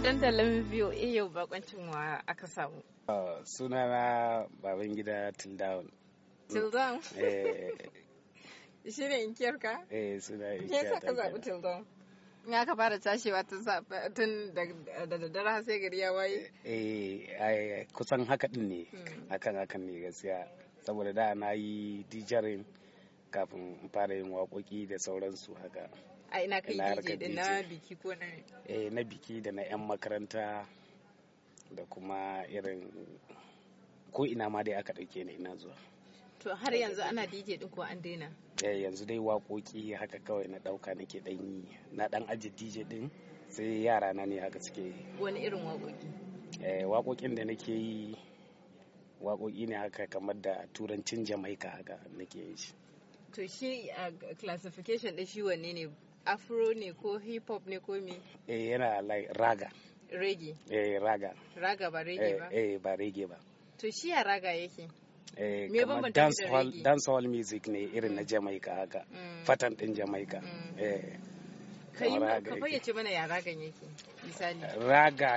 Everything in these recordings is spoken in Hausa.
dandalin VOA eh, yau bakoncin wa aka samu. Suna na baban gida Shi ne Eh suna ka zaɓi fara tashewa tun da daddare sai gari ya waye? eh kusan haka din ne hmm. akan hakan ne gaskiya saboda da na yi dijarin kafin fara yin waƙoƙi da sauransu haka a ina kai DJ din na biki ko na eh na biki da na yan makaranta da kuma irin ko ina ma dai aka dauke ni ina zuwa to har yanzu ana DJ din ko an daina eh yanzu dai waƙoƙi haka kawai na dauka nake dan yi na dan aji DJ din sai yara na ne haka suke wani irin waƙoƙi eh waƙoƙin da nake yi waƙoƙi ne haka kamar da turancin jamaika haka nake yi shi to shi a classification da shi wanne ne afro ne ko hip hop ne ko me eh yana like raga Reggae. eh raga raga ba reggae eh, ba eh ba reggae ba to shi ya raga yake eh kamar dance hall dance hall music ne irin na Jamaica haka mm. fatan din Jamaica mm. eh ka fayyace mana ya raga yake misali raga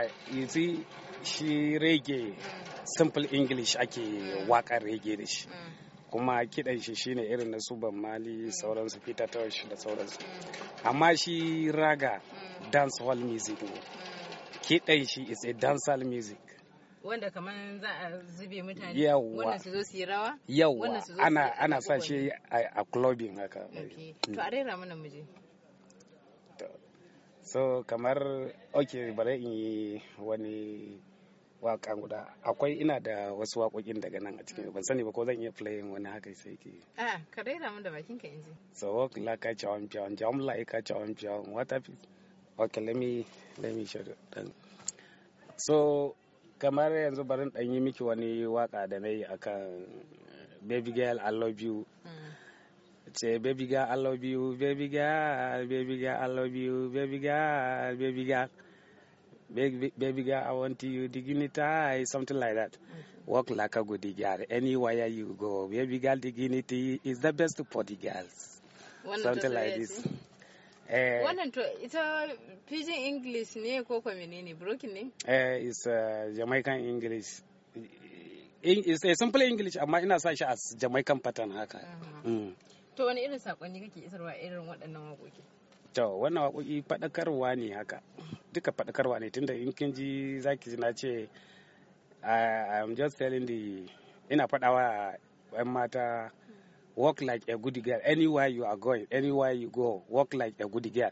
see shi reggae mm. simple english ake waka reggae da shi kuma kidan shi shine irin na su ban mali mm. sauransu peter tosh da sauransu mm. amma shi raga mm. dance hall music ne kidan shi is a dance hall music wanda kamar za a zube mutane wannan su zo su yi rawa yawa ana ana sa shi a clubbing haka to a rera mana muje so kamar okay bare in yi wani waka guda akwai ina da wasu waƙoƙin daga nan a cikin ban sani ba ko zan iya playing wani haka sai ke a ka daina mun da bakin ka inji so walk la ka chawan pion jam la ka chawan pion what up okay let me let me show you so kamar yanzu barin dan yi miki wani waka da nayi akan baby girl i love you mm. ce baby girl i love you baby girl baby girl i love you baby girl baby girl baby, baby girl, I want you dignity, something like that. Walk like a good girl. Anywhere you go, baby girl dignity is the best for the girls. something like this. Wannan eh, to ita Pidgin English ne ko kwa menene broken ne? Eh, it's uh, Jamaican English. It's a simple English amma ina sa shi as Jamaican pattern haka. Mm. To wani irin sakonni kake isarwa irin waɗannan waƙoƙi? To wannan waƙoƙi faɗakarwa ne haka. Duka faɗakarwa ne tunda in kin ji zaki na ce I'm just telling the ina faɗawa 'yan mata work like a good girl anywhere you are going anywhere you go work like a good girl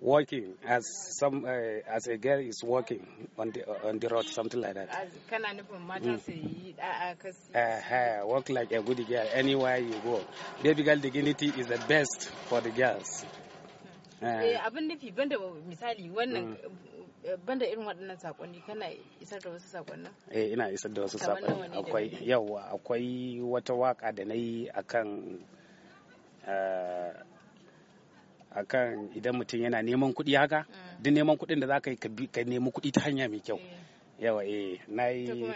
working as some uh, as a girl is working on the on the road something like that kana nufin mata mm. su yi da'a kasi walk like a good girl anywhere you go baby girl dignity is the best for the girls Eh, eh, abin nufi banda misali wannan mm. eh, banda irin waɗannan saƙonni kana isar da wasu saƙonni. eh ina isar da wasu saƙonni akwai yawa akwai wata waka da na yi akan akan idan mutum yana neman kuɗi haka mm. duk neman kuɗin da za ka yi ka nemi kuɗi ta hanya mai kyau yawa eh na yi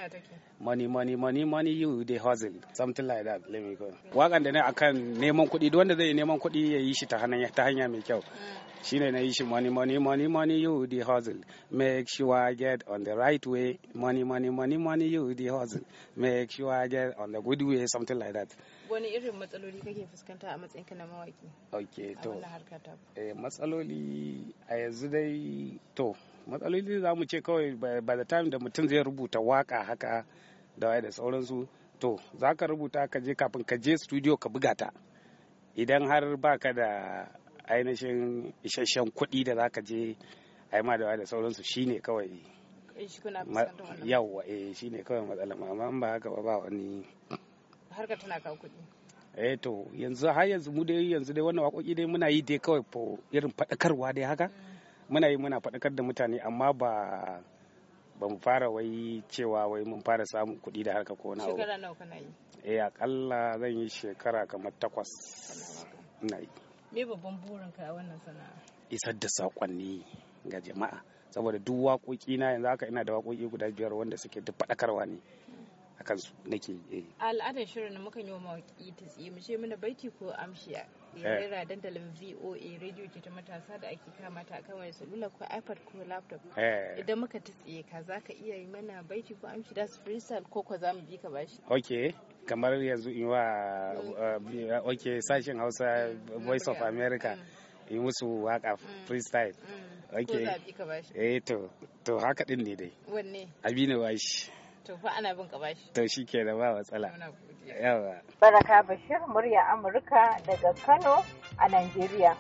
money money money money you dey hustle something like that let me go wakan da ne akan neman kuɗi duk wanda zai neman kuɗi ya yi shi ta hanya ta hanya mai kyau mm. shine na yi shi money money money money you dey hustle make sure I get on the right way money money money money you dey hustle make sure I get on the good way something like that wani irin matsaloli kake fuskanta a matsayinka na mawaki okay to eh matsaloli a yanzu dai to matsaloli za mu ce kawai by the time da mutum zai rubuta waka haka da waye da sauransu to za ka rubuta ka je kafin ka je studio ka buga ta idan har baka da ainihin isasshen kuɗi da za ka je a ma da waye da sauransu shine kawai yawwa eh shine eh, kawai matsala. amma in ba haka ba ba wani har ka tana kawo kuɗi eh to yanzu har yanzu mu dai yanzu dai wannan waƙoƙi dai muna yi dai kawai irin faɗakarwa dai haka mm. muna yi muna faɗakar da mutane amma ba ba mu fara wai cewa wai mun fara samun kuɗi da harka ko nawa shekara nawa kana yi eh akalla zan yi shekara kamar takwas ina yi me babban burin ka a wannan sana'a isar da sakonni ga jama'a saboda duk waƙoƙi na yanzu haka ina da waƙoƙi guda biyar wanda suke duk faɗakarwa ne a su nake yi eh. al'adar shirin na muka yi wa mawaƙi ta tsiye mu ce mana baiti ko amshi yarira eh. dandalin VOA radio ke ta matasa da ake kama ta akan wani salula ko iPad ko laptop eh. idan muka ta tsaye ka za ka iya yi mana baiti ko amshi da su freestyle ko ko za mu bi ka bashi okay kamar yanzu in wa eh, okay sashen Hausa mm, Voice of America mm. in musu waka mm. freestyle okay eh to to haka din ne dai wanne abi ne bashi to fa ana bin ka bashi to shikenan ba matsala Baraka Bashir, murya Amurka daga Kano a Najeriya.